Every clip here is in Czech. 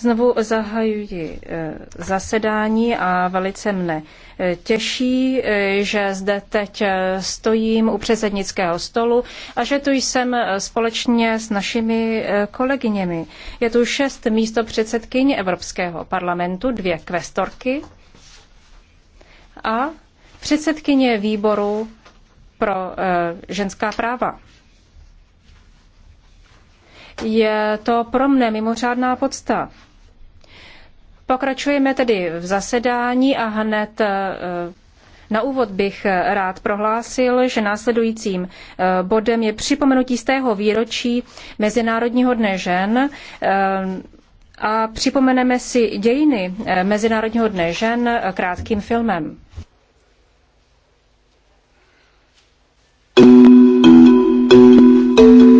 Znovu zahajuji eh, zasedání a velice mne eh, těší, eh, že zde teď stojím u předsednického stolu a že tu jsem společně s našimi kolegyněmi. Je tu šest místo předsedkyň Evropského parlamentu, dvě kvestorky a předsedkyně výboru pro ženská práva. Je to pro mne mimořádná podsta. Pokračujeme tedy v zasedání a hned eh, na úvod bych rád prohlásil, že následujícím eh, bodem je připomenutí z tého výročí Mezinárodního dne žen eh, a připomeneme si dějiny Mezinárodního dne žen krátkým filmem. thank you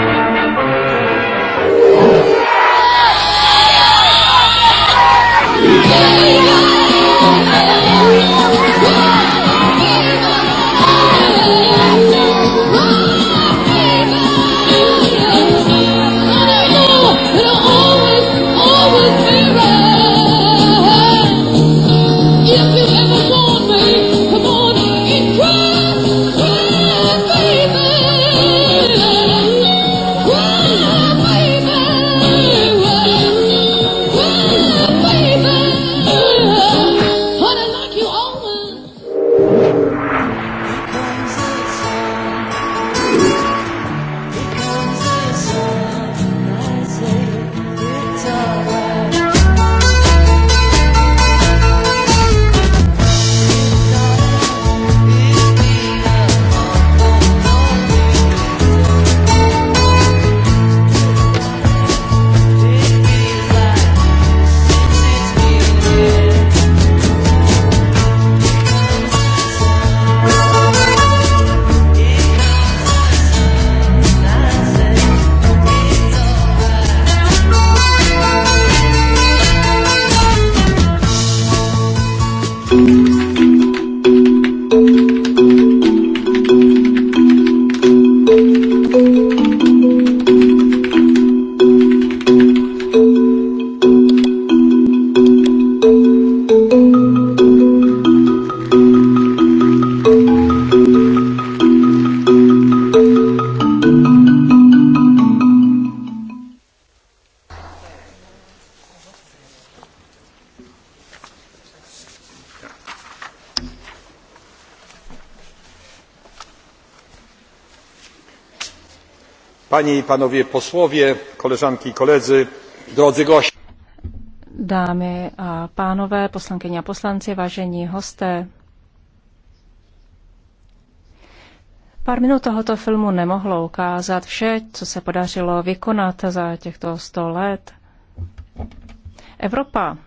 Yeah. panie i panowie posłowie koleżanki i koledzy drodzy goście dámy a pánové poslankyně a poslanci vážení hosté Pár minut tohoto filmu nemohlo ukázat vše, co se podařilo vykonat za těchto sto let. Evropa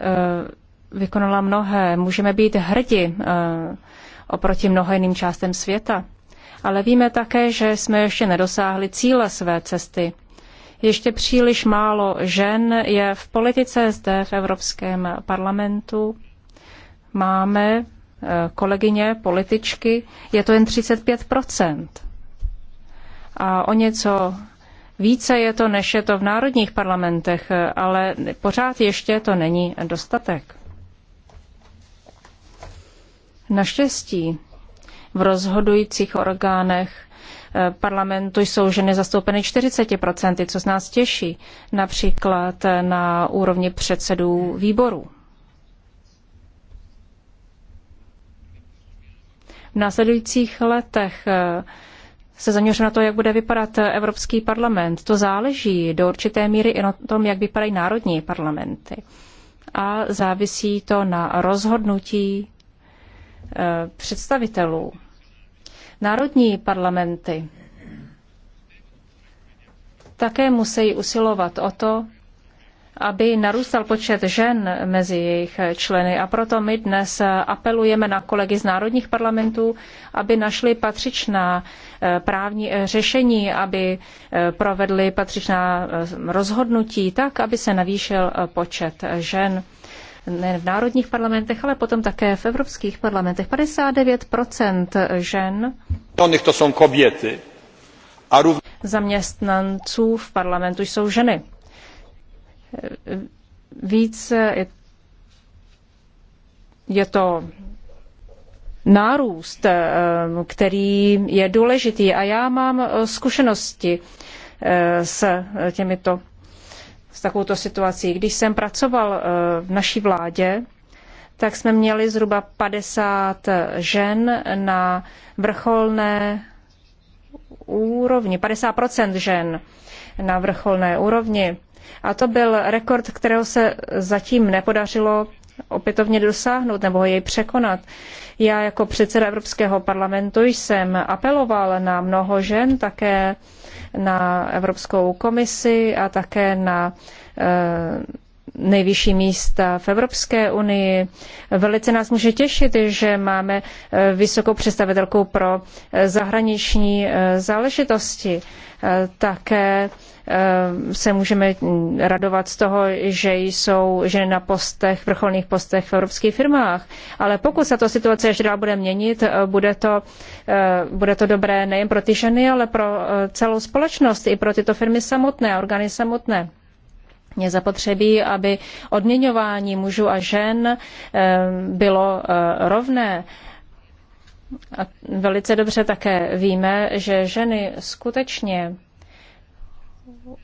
eh, vykonala mnohé. Můžeme být hrdi eh, oproti mnoha jiným částem světa ale víme také, že jsme ještě nedosáhli cíle své cesty. Ještě příliš málo žen je v politice zde v Evropském parlamentu. Máme eh, kolegyně, političky, je to jen 35 A o něco více je to, než je to v národních parlamentech, eh, ale pořád ještě to není dostatek. Naštěstí v rozhodujících orgánech eh, parlamentu jsou ženy zastoupeny 40%, což nás těší, například eh, na úrovni předsedů výborů. V následujících letech eh, se zaměřím na to, jak bude vypadat Evropský parlament. To záleží do určité míry i na tom, jak vypadají národní parlamenty. A závisí to na rozhodnutí Eh, představitelů. Národní parlamenty také musí usilovat o to, aby narůstal počet žen mezi jejich členy. A proto my dnes apelujeme na kolegy z národních parlamentů, aby našli patřičná eh, právní eh, řešení, aby provedli patřičná rozhodnutí tak, aby se navýšil počet žen ne v národních parlamentech, ale potom také v evropských parlamentech. 59% žen to jsou kobiety. A rův... zaměstnanců v parlamentu jsou ženy. Víc je, je to nárůst, eh, který je důležitý. A já mám eh, zkušenosti eh, s těmito s takovouto situací. Když jsem pracoval eh, v naší vládě, tak jsme měli zhruba 50 žen na vrcholné úrovni, 50% žen na vrcholné úrovni. A to byl rekord, kterého se zatím nepodařilo opětovně dosáhnout nebo jej překonat. Já jako předseda Evropského parlamentu jsem apeloval na mnoho žen, také na Evropskou komisi a také na eh, nejvyšší místa v Evropské unii. Velice nás může těšit, že máme eh, vysokou představitelku pro eh, zahraniční záležitosti. Také Ehm, se můžeme mm, radovat z toho, že jsou ženy na postech, vrcholných postech v evropských firmách. Ale pokud se to situace ještě dál bude měnit, eh, bude to, eh, bude to dobré nejen pro ty ženy, ale pro eh, celou společnost, i pro tyto firmy samotné, orgány samotné. Je zapotřebí, aby odměňování mužů a žen ehm, bylo rovné. A velice dobře také víme, že ženy skutečně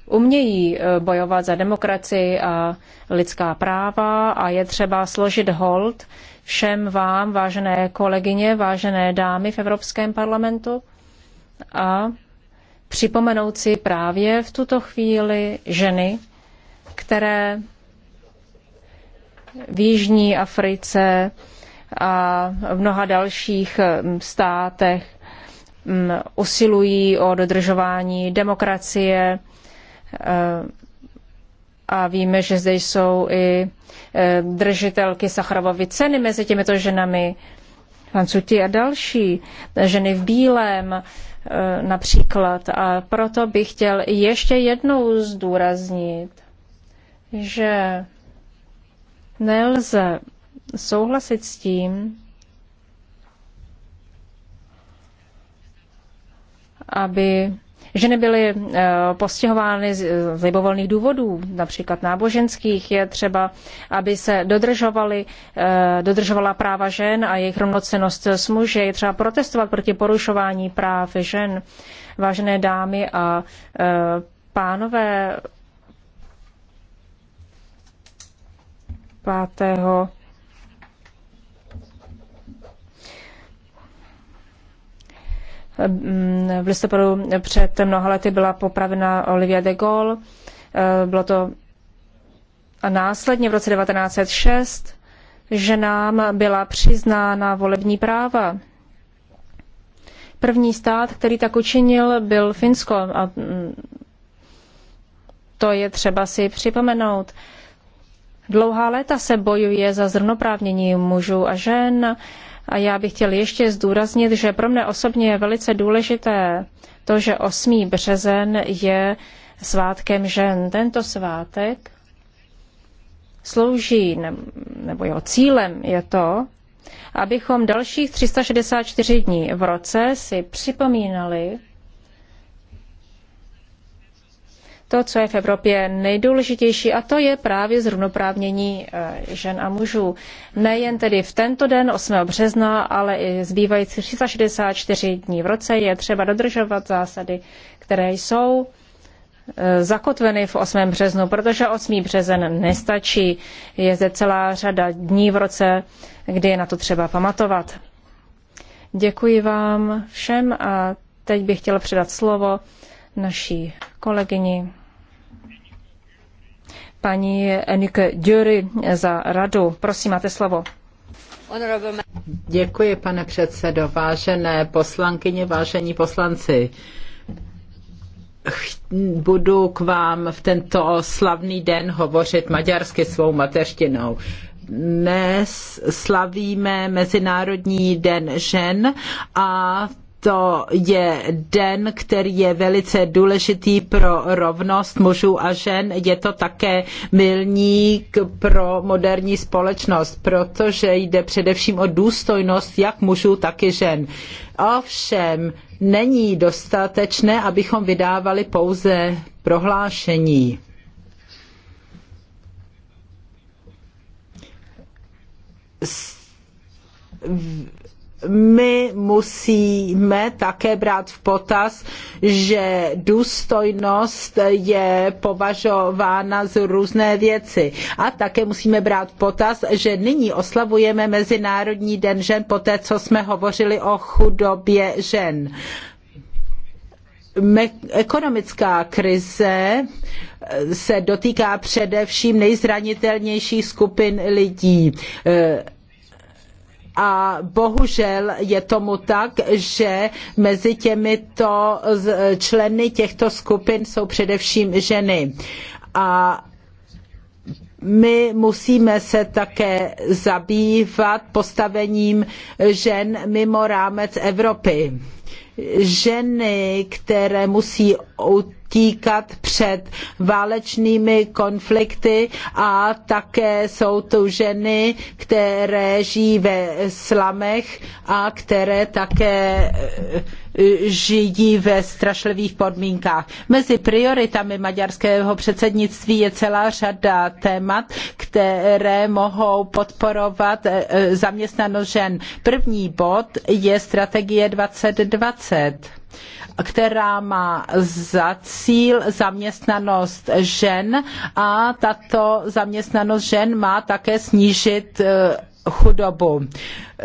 umějí eh, bojovat za demokracii a lidská práva a je třeba složit hold všem vám, vážené kolegyně, vážené dámy v Evropském parlamentu a připomenout si právě v tuto chvíli ženy, které v Jižní Africe a v mnoha dalších hm, státech hm, usilují o dodržování demokracie, Eh, a víme, že zde jsou i eh, držitelky Sacharovovy ceny mezi těmito ženami, Hancuti a další, ženy v bílém eh, například. A proto bych chtěl ještě jednou zdůraznit, že nelze souhlasit s tím, aby Ženy byly eh, postihovány z libovolných důvodů, například náboženských. Je třeba, aby se dodržovaly, eh, dodržovala práva žen a jejich rovnocenost s muži. Je třeba protestovat proti porušování práv žen. Vážené dámy a eh, pánové, 5. Eh, v listopadu před mnoha lety byla popravena Olivia de Gaulle. Eh, bylo to a následně v roce 1906 ženám byla přiznána volební práva. První stát, který tak učinil, byl Finsko. A mm, to je třeba si připomenout. Dlouhá léta se bojuje za zrnoprávnění mužů a žen. A já bych chtěl ještě zdůraznit, že pro mne osobně je velice důležité to, že 8. březen je svátkem žen. Tento svátek slouží, nebo jeho cílem je to, abychom dalších 364 dní v roce si připomínali to, co je v Evropě nejdůležitější, a to je právě zrovnoprávnění eh, žen a mužů. Nejen tedy v tento den, 8. března, ale i zbývající 364 dní v roce je třeba dodržovat zásady, které jsou eh, zakotveny v 8. březnu, protože 8. březen nestačí. Je zde celá řada dní v roce, kdy je na to třeba pamatovat. Děkuji vám všem a teď bych chtěla předat slovo naší kolegyni paní Enike Dury za radu. Prosím, máte slovo. Děkuji, pane předsedo. Vážené poslankyně, vážení poslanci budu k vám v tento slavný den hovořit maďarsky svou mateřštinou. Dnes slavíme Mezinárodní den žen a to je den, který je velice důležitý pro rovnost mužů a žen. Je to také milník pro moderní společnost, protože jde především o důstojnost jak mužů, tak i žen. Ovšem, není dostatečné, abychom vydávali pouze prohlášení my musíme také brát v potaz, že důstojnost je považována z různé věci. A také musíme brát v potaz, že nyní oslavujeme Mezinárodní den žen poté, co jsme hovořili o chudobě žen ekonomická krize se dotýká především nejzranitelnějších skupin lidí. A bohužel je tomu tak, že mezi těmito členy těchto skupin jsou především ženy. A my musíme se také zabývat postavením žen mimo rámec Evropy ženy, které musí utíkat před válečnými konflikty a také jsou tu ženy, které žijí ve slamech a které také e, žijí ve strašlivých podmínkách. Mezi prioritami maďarského předsednictví je celá řada témat, které mohou podporovat e, e, zaměstnanost žen. První bod je strategie 2020 která má za cíl zaměstnanost žen a tato zaměstnanost žen má také snížit eh, chudobu.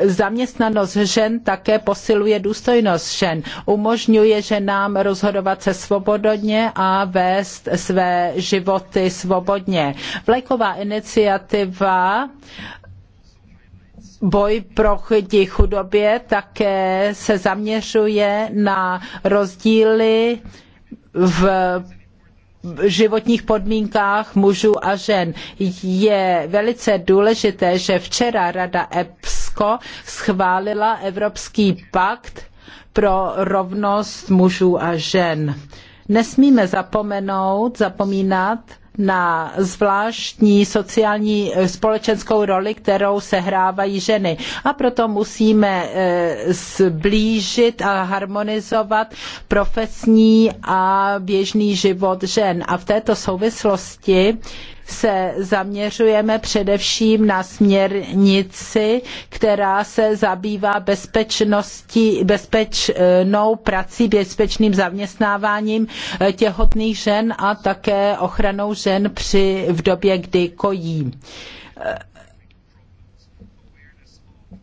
Zaměstnanost žen také posiluje důstojnost žen, umožňuje ženám rozhodovat se svobodně a vést své životy svobodně. Vlajková iniciativa boj proti chudobě také se zaměřuje na rozdíly v životních podmínkách mužů a žen. Je velice důležité, že včera Rada EPSCO schválila Evropský pakt pro rovnost mužů a žen. Nesmíme zapomenout, zapomínat, na zvláštní sociální eh, společenskou roli, kterou sehrávají ženy. A proto musíme eh, zblížit a harmonizovat profesní a běžný život žen. A v této souvislosti se zaměřujeme především na směrnici, která se zabývá bezpečností, bezpečnou prací, bezpečným zaměstnáváním těhotných žen a také ochranou žen při, v době, kdy kojí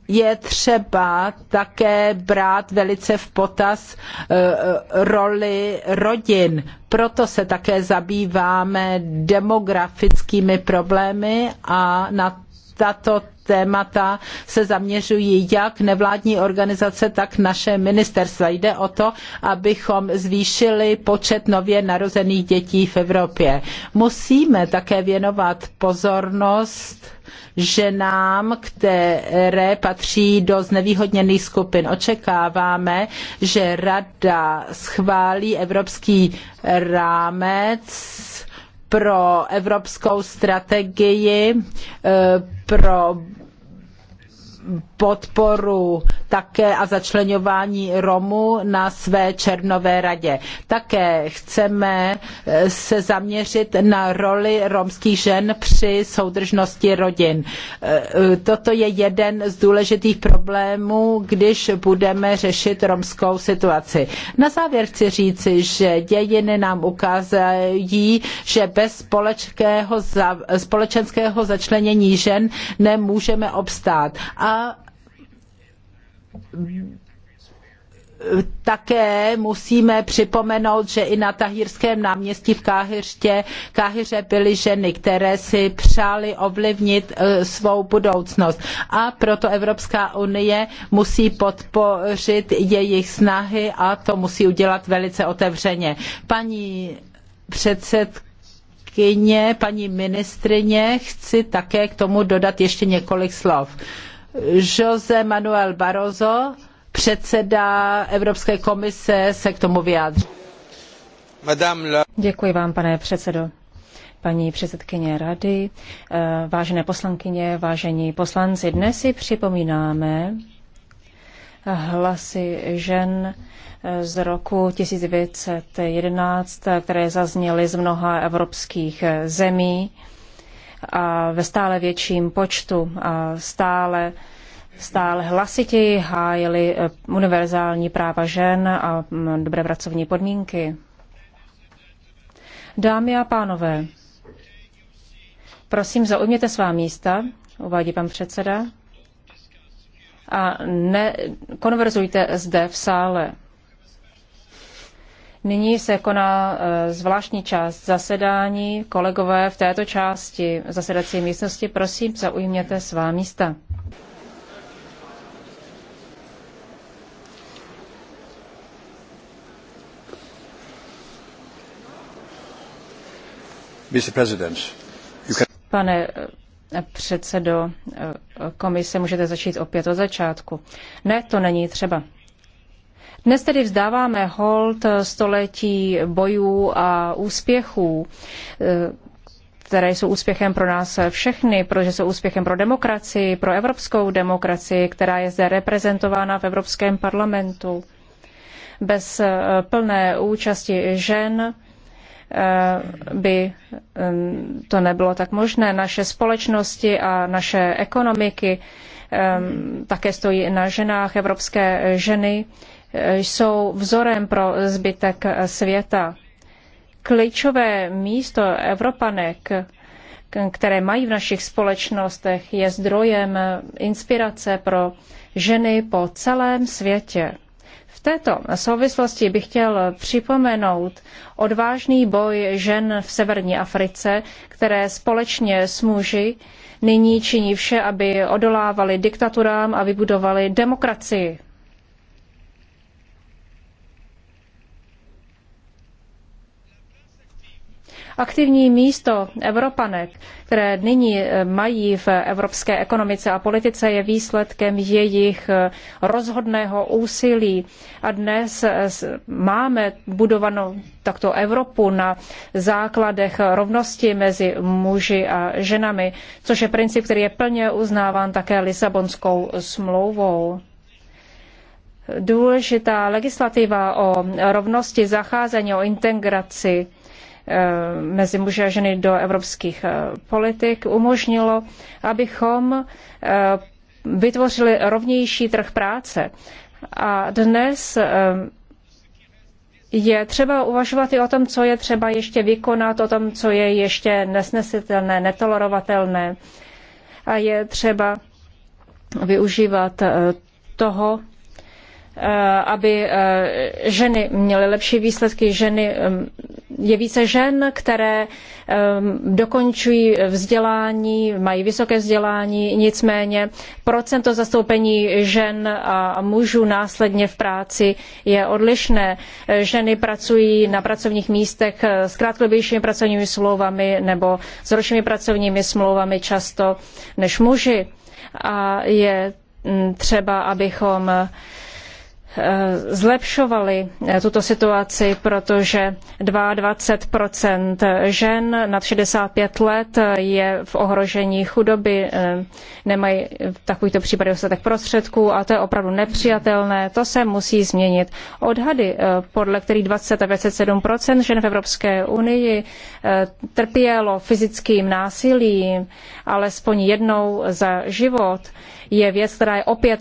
je třeba také brát velice v potaz e, e, roli rodin. Proto se také zabýváme demografickými problémy a na tato témata se zaměřují jak nevládní organizace, tak naše ministerstva. Jde o to, abychom zvýšili počet nově narozených dětí v Evropě. Musíme také věnovat pozornost ženám, které patří do znevýhodněných skupin. Očekáváme, že Rada schválí evropský rámec pro evropskou strategii eh, pro podporu také a začlenování Romů na své Černové radě. Také chceme eh, se zaměřit na roli romských žen při soudržnosti rodin. Eh, eh, toto je jeden z důležitých problémů, když budeme řešit romskou situaci. Na závěr chci říci, že dějiny nám ukázají, že bez společného, společenského začlenění žen nemůžeme obstát. A také musíme připomenout, že i na Tahírském náměstí v Káhyřtě, Káhyře byly ženy, které si přály ovlivnit eh, svou budoucnost. A proto Evropská unie musí podpořit jejich snahy a to musí udělat velice otevřeně. Paní předsedkyně, paní ministrině, chci také k tomu dodat ještě několik slov. Uh, José Manuel Barroso, předseda Evropské komise, se k tomu vyjádří. Děkuji vám, pane předsedo. Paní předsedkyně rady, eh, vážené poslankyně, vážení poslanci, dnes si připomínáme hlasy žen eh, z roku 1911, které zazněly z mnoha evropských eh, zemí a ve stále větším počtu a stále stále hlasitěji hájili eh, univerzální práva žen a mm, dobré pracovní podmínky. Dámy a pánové, prosím zaujměte svá místa, uvádí pan předseda, a nekonverzujte zde v sále. Nyní se koná eh, zvláštní část zasedání. Kolegové v této části zasedací místnosti, prosím, zaujměte svá místa. Pane eh, předsedo eh, komise, můžete začít opět od začátku. Ne, to není třeba. Dnes tedy vzdáváme hold století bojů a úspěchů, eh, které jsou úspěchem pro nás všechny, protože jsou úspěchem pro demokracii, pro evropskou demokracii, která je zde reprezentována v Evropském parlamentu. Bez eh, plné účasti žen eh, by to nebylo tak možné. Naše společnosti a naše ekonomiky také stojí na ženách. Evropské ženy jsou vzorem pro zbytek světa. Klíčové místo Evropanek, které mají v našich společnostech, je zdrojem inspirace pro ženy po celém světě. V této souvislosti bych chtěl připomenout odvážný boj žen v severní Africe, které společně s muži nyní činí vše, aby odolávali diktaturám a vybudovali demokracii. Aktivní místo Evropanek, které nyní eh, mají v evropské ekonomice a politice, je výsledkem jejich eh, rozhodného úsilí. A dnes eh, máme budovanou takto Evropu na základech rovnosti mezi muži a ženami, což je princip, který je plně uznáván také Lisabonskou smlouvou. Důležitá legislativa o rovnosti zacházení, o integraci Eh, mezi muži a ženy do evropských eh, politik umožnilo, abychom eh, vytvořili rovnější trh práce. A dnes je třeba uvažovat i o tom, co je třeba ještě vykonat, o tom, co je ještě nesnesitelné, netolerovatelné. A je třeba využívat toho, Eh, aby eh, ženy měly lepší výsledky. Ženy, eh, je více žen, které dokončují vzdělání, mají vysoké vzdělání, nicméně procento zastoupení žen a mužů následně v práci je odlišné. Ženy pracují na pracovních místech s krátkodobějšími pracovními smlouvami nebo s ročními pracovními smlouvami často než muži. A je hm, třeba, abychom Eh, zlepšovali eh, tuto situaci, protože 22 žen nad 65 let eh, je v ohrožení chudoby, nemají v takovýchto případech dostatek prostředků a to je opravdu nepřijatelné. To se musí změnit. Odhady, podle kterých 20 a 27 žen v Evropské unii trpělo fyzickým násilím alespoň jednou za život, je věc, která je opět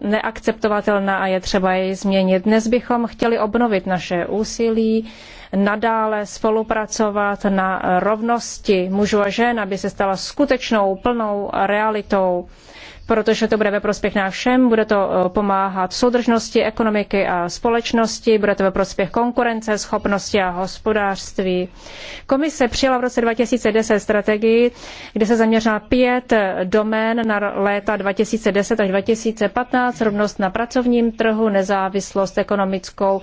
neakceptovatelná a je třeba ji změnit. Dnes bychom chtěli obnovit naše úsilí, nadále spolupracovat na rovnosti mužů a žen, aby se stala skutečnou plnou realitou protože to bude ve prospěch nám všem, bude to eh, pomáhat soudržnosti ekonomiky a společnosti, bude to ve prospěch konkurence, schopnosti a hospodářství. Komise přijala v roce 2010 strategii, kde se zaměřila pět eh, domén na léta 2010 až 2015, rovnost na pracovním trhu, nezávislost ekonomickou,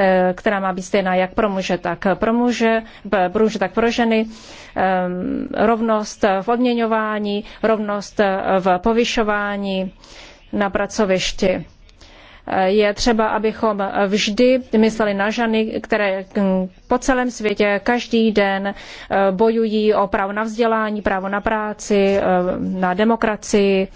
Eh, která má být stejná jak pro muže, tak pro muže, eh, pro muže, tak pro ženy, eh, rovnost v odměňování, rovnost v povyšování na pracovišti je třeba, abychom vždy mysleli na ženy, které hm, po celém světě každý den bojují o právo na vzdělání, právo na práci, na demokracii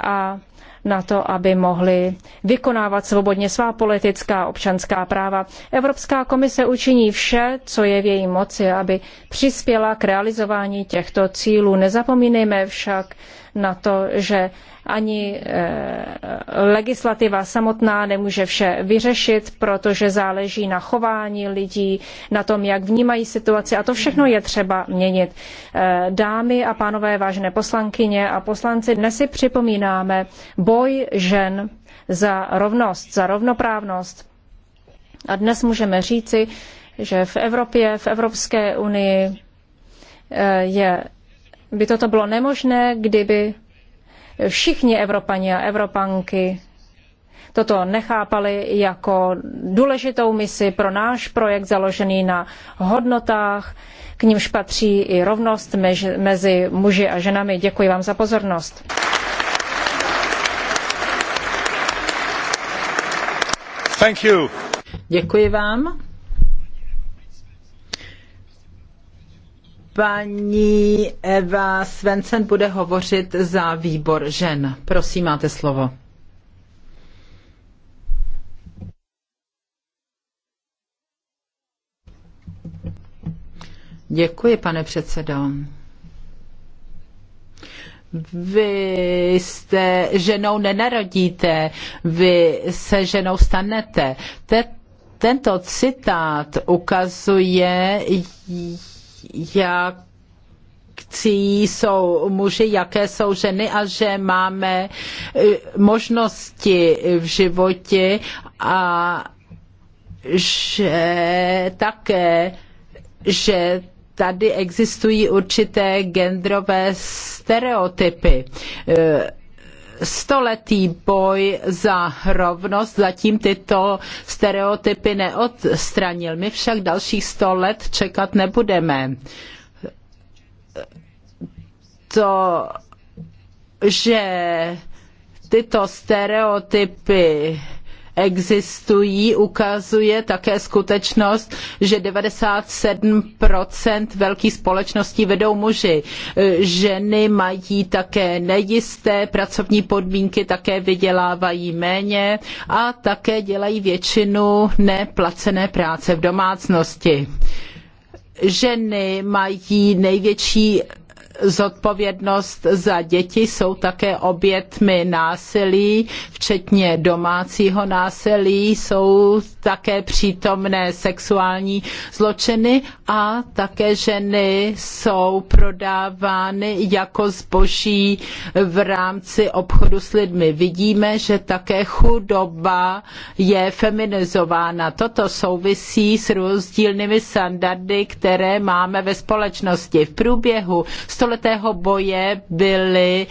a na to, aby mohli vykonávat svobodně svá politická občanská práva. Evropská komise učiní vše, co je v její moci, aby přispěla k realizování těchto cílů. Nezapomínejme však, na to, že ani eh, legislativa samotná nemůže vše vyřešit, protože záleží na chování lidí, na tom, jak vnímají situaci a to všechno je třeba měnit. Eh, dámy a pánové, vážené poslankyně a poslanci, dnes si připomínáme boj žen za rovnost, za rovnoprávnost. A dnes můžeme říci, že v Evropě, v Evropské unii eh, je by toto bylo nemožné, kdyby všichni Evropani a Evropanky toto nechápali jako důležitou misi pro náš projekt založený na hodnotách, k nímž patří i rovnost mezi, muži a ženami. Děkuji vám za pozornost. Thank you. Děkuji vám. Paní Eva Svensen bude hovořit za výbor žen. Prosím, máte slovo. Děkuji, pane předsedo. Vy jste ženou nenarodíte, vy se ženou stanete. Te, tento citát ukazuje, jak jsou muži, jaké jsou ženy a že máme e, možnosti v životě a že také, že tady existují určité genderové stereotypy. E, stoletý boj za rovnost, zatím tyto stereotypy neodstranil. My však dalších sto let čekat nebudeme. To, že tyto stereotypy existují, ukazuje také skutečnost, že 97% velkých společností vedou muži. Ženy mají také nejisté pracovní podmínky, také vydělávají méně a také dělají většinu neplacené práce v domácnosti. Ženy mají největší zodpovědnost za děti jsou také obětmi násilí, včetně domácího násilí, jsou také přítomné sexuální zločiny a také ženy jsou prodávány jako zboží v rámci obchodu s lidmi. Vidíme, že také chudoba je feminizována. Toto souvisí s rozdílnými standardy, které máme ve společnosti. V průběhu 100 stoletého boje byly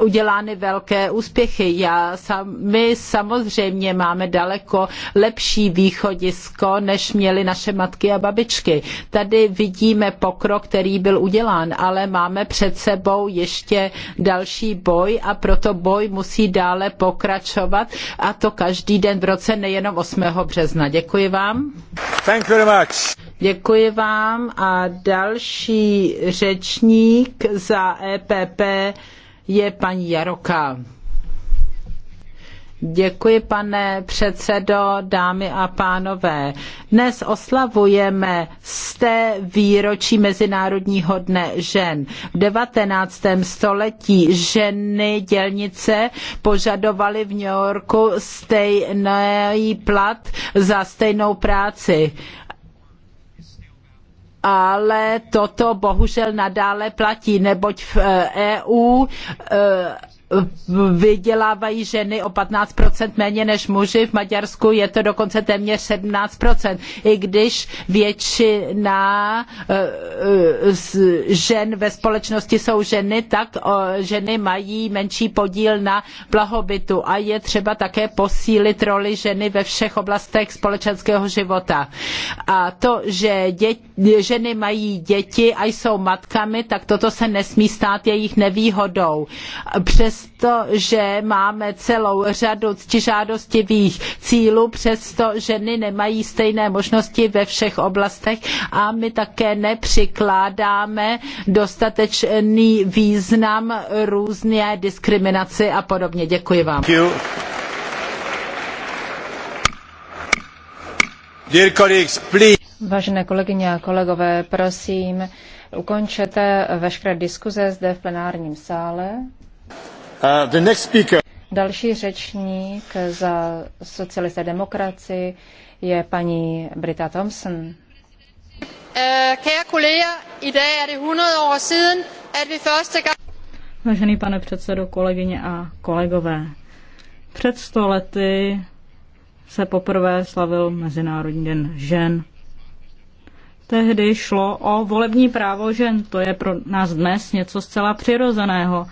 udělány velké úspěchy. Já, my samozřejmě máme daleko lepší východisko, než měly naše matky a babičky. Tady vidíme pokrok, který byl udělán, ale máme před sebou ještě další boj a proto boj musí dále pokračovat a to každý den v roce, nejenom 8. března. Děkuji vám. Thank you very much. Děkuji vám a další řečník za EPP je paní Jaroka. Děkuji, pane předsedo, dámy a pánové. Dnes oslavujeme té výročí Mezinárodního dne žen. V 19. století ženy dělnice požadovaly v New Yorku stejný plat za stejnou práci ale toto bohužel nadále platí, neboť v EU eh, e eh, vydělávají ženy o 15% méně než muži, v Maďarsku je to dokonce téměř 17%, i když většina eh, eh, žen ve společnosti jsou ženy, tak eh, ženy mají menší podíl na blahobytu a je třeba také posílit roli ženy ve všech oblastech společenského života. A to, že děti, ženy mají děti a jsou matkami, tak toto se nesmí stát jejich nevýhodou. Přes přestože máme celou řadu ctižádostivých cílů, přesto ženy nemají stejné možnosti ve všech oblastech a my také nepřikládáme dostatečný význam různé diskriminaci a podobně. Děkuji vám. Vážené kolegyně a kolegové, prosím, ukončete veškeré diskuze zde v plenárním sále. Uh, the next speaker. Další řečník za socialisté demokraci je paní Brita Thompson. 100 uh, er Vážený pane předsedo, kolegyně a kolegové, před sto lety se poprvé slavil Mezinárodní den žen. Tehdy šlo o volební právo žen, to je pro nás dnes něco zcela přirozeného.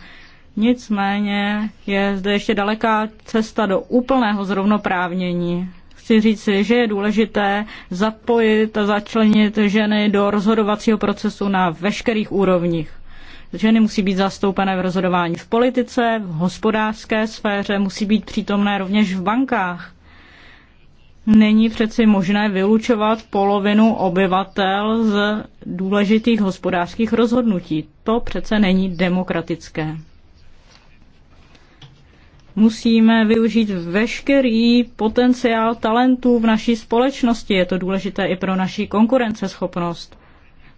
Nicméně je zde ještě daleká cesta do úplného zrovnoprávnění. Chci říci, že je důležité zapojit a začlenit ženy do rozhodovacího procesu na veškerých úrovních. Ženy musí být zastoupené v rozhodování v politice, v hospodářské sféře, musí být přítomné rovněž v bankách. Není přeci možné vylučovat polovinu obyvatel z důležitých hospodářských rozhodnutí. To přece není demokratické. Musíme využít veškerý potenciál talentů v naší společnosti. Je to důležité i pro naši konkurenceschopnost.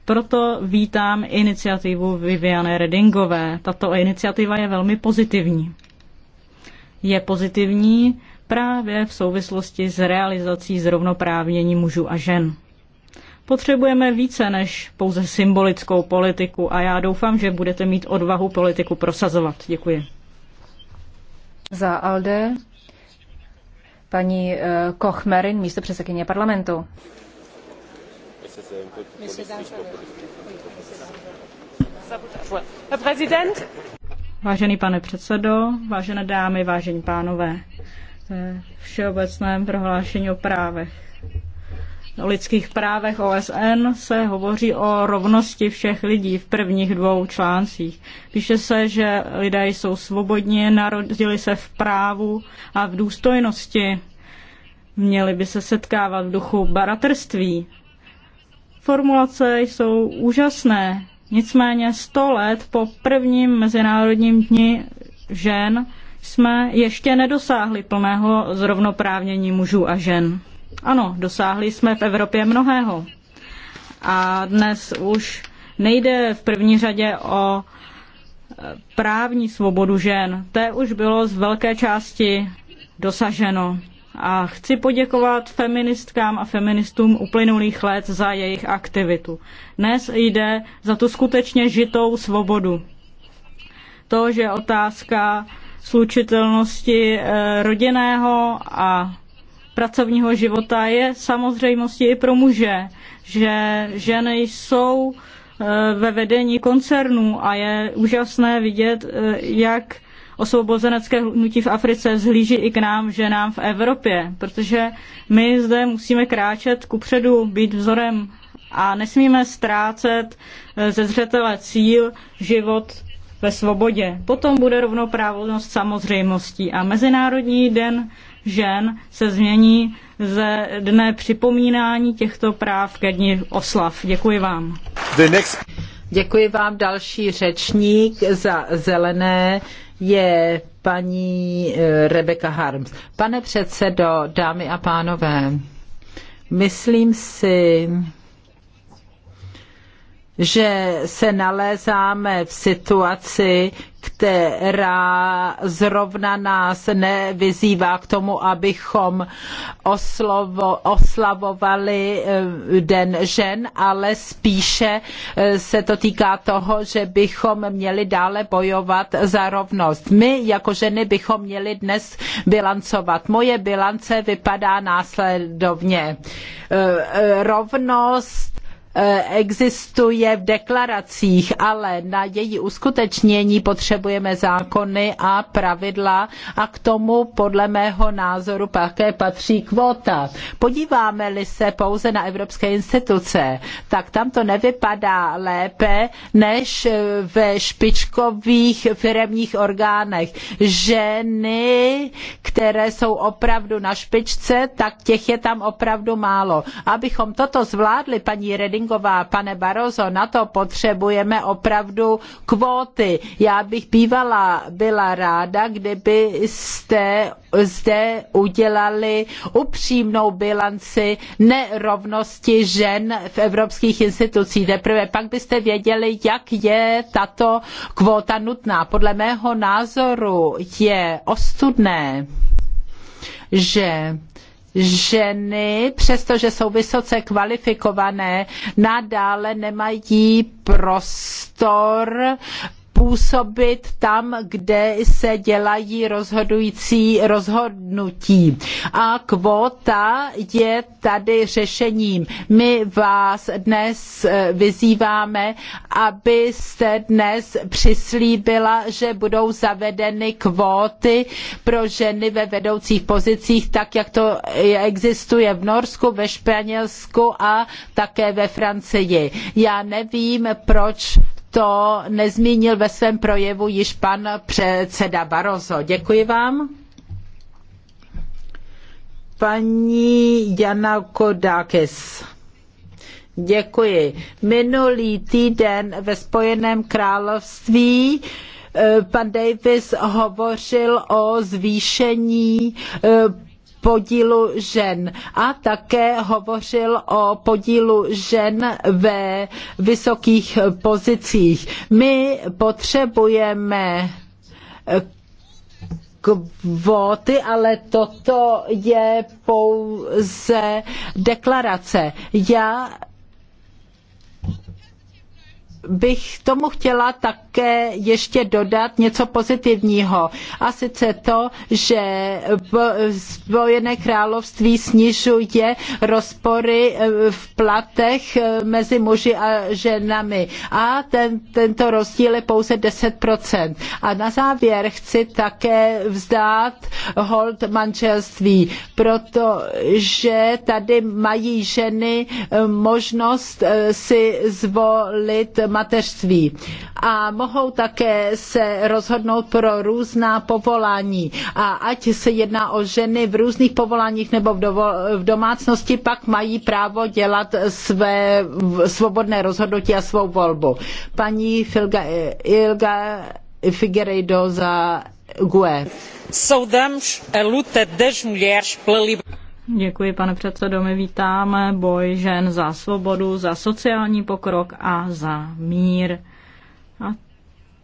Proto vítám iniciativu Viviane Redingové. Tato iniciativa je velmi pozitivní. Je pozitivní právě v souvislosti s realizací zrovnoprávnění mužů a žen. Potřebujeme více než pouze symbolickou politiku a já doufám, že budete mít odvahu politiku prosazovat. Děkuji. Za ALDE paní eh, Kochmerin, místo předsedkyně parlamentu. Vážený pane předsedo, vážené dámy, vážení pánové, eh, všeobecném prohlášení o právech o lidských právech OSN se hovoří o rovnosti všech lidí v prvních dvou článcích. Píše se, že lidé jsou svobodní, narodili se v právu a v důstojnosti. Měli by se setkávat v duchu baratrství. Formulace jsou úžasné, nicméně sto let po prvním Mezinárodním dni žen jsme ještě nedosáhli plného zrovnoprávnění mužů a žen. Ano, dosáhli jsme v Evropě mnohého. A dnes už nejde v první řadě o e, právní svobodu žen. To už bylo z velké části dosaženo. A chci poděkovat feministkám a feministům uplynulých let za jejich aktivitu. Dnes jde za tu skutečně žitou svobodu. To, že otázka slučitelnosti e, rodinného a pracovního života je samozřejmostí i pro muže, že ženy jsou eh, ve vedení koncernů a je úžasné vidět, eh, jak osvobozenecké hnutí v Africe zhlíží i k nám, ženám v Evropě, protože my zde musíme kráčet kupředu, být vzorem a nesmíme ztrácet eh, ze zřetele cíl život ve svobodě. Potom bude rovnoprávnost samozřejmostí a Mezinárodní den žen se změní ze dne připomínání těchto práv ke dní oslav. Děkuji vám. Next... Děkuji vám. Další řečník za zelené je paní eh, Rebecca Harms. Pane předsedo, dámy a pánové, myslím si, že se nalézáme v situaci, která zrovna nás nevyzývá k tomu, abychom oslovo, oslavovali eh, Den žen, ale spíše eh, se to týká toho, že bychom měli dále bojovat za rovnost. My jako ženy bychom měli dnes bilancovat. Moje bilance vypadá následovně. Eh, rovnost Eh, existuje v deklaracích, ale na její uskutečnění potřebujeme zákony a pravidla a k tomu podle mého názoru také patří kvóta. Podíváme-li se pouze na evropské instituce, tak tam to nevypadá lépe než eh, ve špičkových firemních orgánech. Ženy, které jsou opravdu na špičce, tak těch je tam opravdu málo. Abychom toto zvládli, paní Reding Redingová, pane Barozo, na to potřebujeme opravdu kvóty. Já bych bývala byla ráda, kdybyste zde udělali upřímnou bilanci nerovnosti žen v evropských institucích. Teprve pak byste věděli, jak je tato kvóta nutná. Podle mého názoru je ostudné, že ženy, přestože jsou vysoce kvalifikované, nadále nemají prostor působit tam, kde se dělají rozhodující rozhodnutí. A kvota je tady řešením. My vás dnes eh, vyzýváme, abyste dnes přislíbila, že budou zavedeny kvóty pro ženy ve vedoucích pozicích, tak jak to eh, existuje v Norsku, ve Španělsku a také ve Francii. Já nevím, proč to nezmínil ve svém projevu již pan předseda Barroso. Děkuji vám. Paní Jana Kodakis. Děkuji. Minulý týden ve Spojeném království eh, pan Davis hovořil o zvýšení eh, podílu žen a také hovořil o podílu žen ve vysokých pozicích. My potřebujeme kvóty, ale toto je pouze deklarace. Já bych tomu chtěla tak také ještě dodat něco pozitivního. A sice to, že Spojené království snižuje rozpory eh, v platech eh, mezi muži a ženami. A ten, tento rozdíl je pouze 10%. A na závěr chci také vzdát hold manželství, protože tady mají ženy eh, možnost si zvolit mateřství. A mohou také se rozhodnout pro různá povolání. A ať se jedná o ženy v různých povoláních nebo v, dovo- v domácnosti, pak mají právo dělat své svobodné rozhodnutí a svou volbu. Paní Filga, Ilga Figueiredo za GUE. Saudamos a luta das mulheres pela liberdade. Děkuji, pane předsedo. My vítáme boj žen za svobodu, za sociální pokrok a za mír.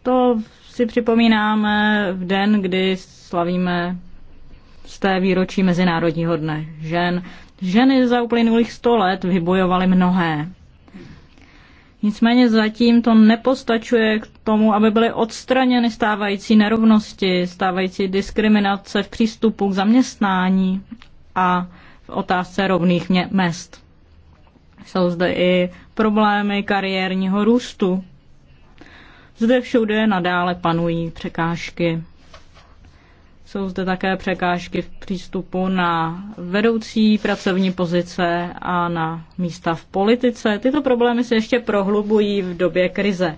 To si připomínáme v den, kdy slavíme z té výročí Mezinárodního dne žen. Ženy za uplynulých 100 let vybojovaly mnohé. Nicméně zatím to nepostačuje k tomu, aby byly odstraněny stávající nerovnosti, stávající diskriminace v přístupu k zaměstnání a v otázce rovných mest. Jsou zde i problémy kariérního růstu. Zde všude nadále panují překážky. Jsou zde také překážky v přístupu na vedoucí pracovní pozice a na místa v politice. Tyto problémy se ještě prohlubují v době krize.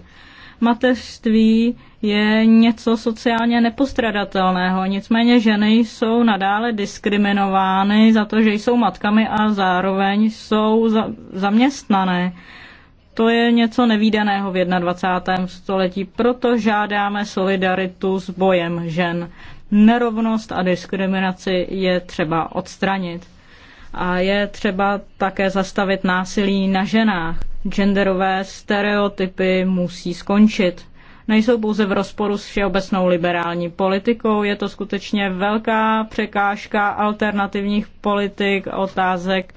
Mateřství je něco sociálně nepostradatelného, nicméně ženy jsou nadále diskriminovány za to, že jsou matkami a zároveň jsou za- zaměstnané. To je něco nevýdaného v 21. století, proto žádáme solidaritu s bojem žen. Nerovnost a diskriminaci je třeba odstranit. A je třeba také zastavit násilí na ženách. Genderové stereotypy musí skončit nejsou pouze v rozporu s všeobecnou liberální politikou, je to skutečně velká překážka alternativních politik, otázek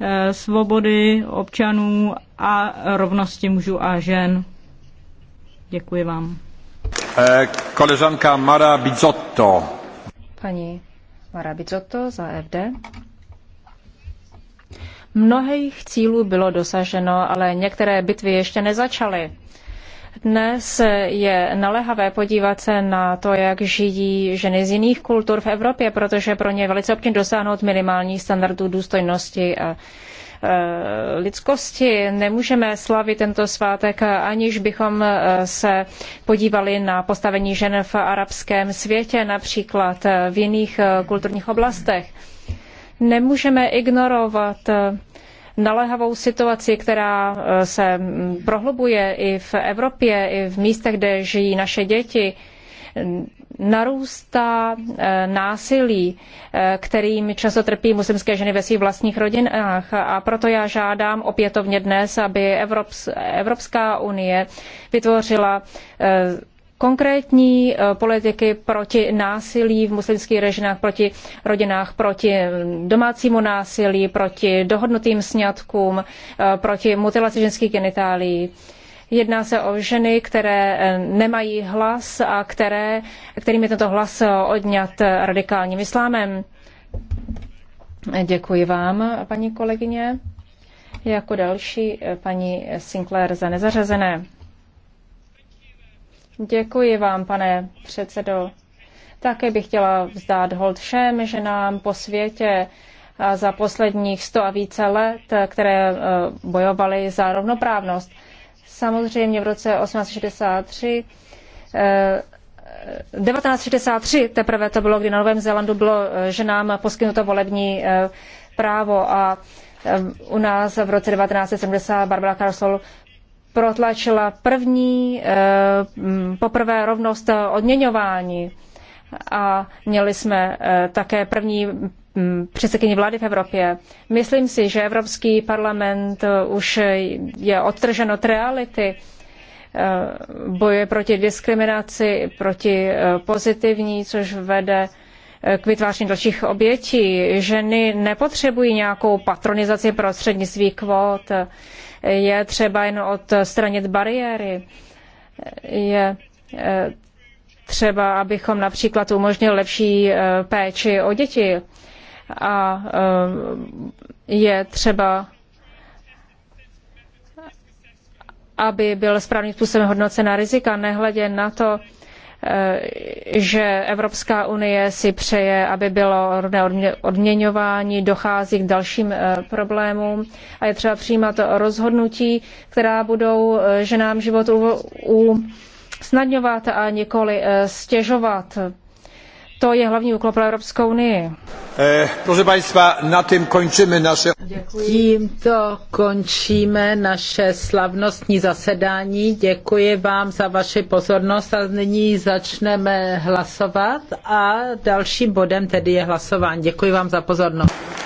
Eh, svobody občanů a rovnosti mužů a žen. Děkuji vám. Eh, koleżanka Mara Bizotto. Pani Mara Bizotto za FD. Mnohých cílů bylo dosaženo, ale některé bitvy ještě nezačaly. Dnes je naléhavé podívat se na to, jak žijí ženy z jiných kultur v Evropě, protože pro ně je velice obtížné dosáhnout minimální standardů důstojnosti a e, lidskosti. Nemůžeme slavit tento svátek, aniž bychom e, se podívali na postavení žen v arabském světě, například e, v jiných kulturních oblastech. Nemůžeme ignorovat naléhavou situaci, která eh, se mm, prohlubuje i v Evropě, i v místech, kde žijí naše děti, narůstá eh, násilí, eh, kterým často trpí muslimské ženy ve svých vlastních rodinách. A proto já žádám opětovně dnes, aby Evropská unie vytvořila konkrétní eh, politiky proti násilí v muslimských režinách, proti rodinách, proti mm, domácímu násilí, proti dohodnutým sňatkům, eh, proti mutilaci ženských genitálií. Jedná se o ženy, které eh, nemají hlas a které, kterým je tento hlas odňat radikálním islámem. Děkuji vám, paní kolegyně. Jako další paní Sinclair za nezařazené. Děkuji vám, pane předsedo. Také bych chtěla vzdát hold všem ženám po světě za posledních sto a více let, které e, bojovaly za rovnoprávnost. Samozřejmě v roce 1863 1963 e, e, teprve to bylo, kdy na Novém Zélandu bylo ženám poskytnuto volební právo a u nás v roce 1970 Barbara Carlsol protlačila první eh, poprvé rovnost odměňování a měli jsme eh, také první předsedkyni vlády v Evropě. Myslím si, že Evropský parlament eh, už je odtržen od reality boje proti diskriminaci, proti pozitivní, což vede k vytváření dalších obětí. Ženy nepotřebují nějakou patronizaci prostřednictví kvót je třeba jen odstranit bariéry. Je eh, třeba, abychom například umožnili lepší eh, péči o děti. A eh, je třeba aby byl správným způsobem hodnocena rizika, nehledě na to, Eh, že Evropská unie si přeje, aby bylo rovné odměňování, dochází k dalším eh, problémům a je třeba přijímat rozhodnutí, která budou eh, ženám život usnadňovat a nikoli stěžovat to je hlavní úkol pro Evropskou unii. Eh, Państwa, na tym končíme naše. Tímto končíme naše slavnostní zasedání. Děkuji vám za vaši pozornost a nyní začneme hlasovat a dalším bodem tedy je hlasování. Děkuji vám za pozornost.